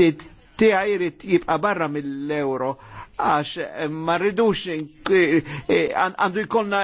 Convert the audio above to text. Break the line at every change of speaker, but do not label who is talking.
tiegħi jrid jibqa' barra mill-euro għax ma rridux eh, għandu jkollna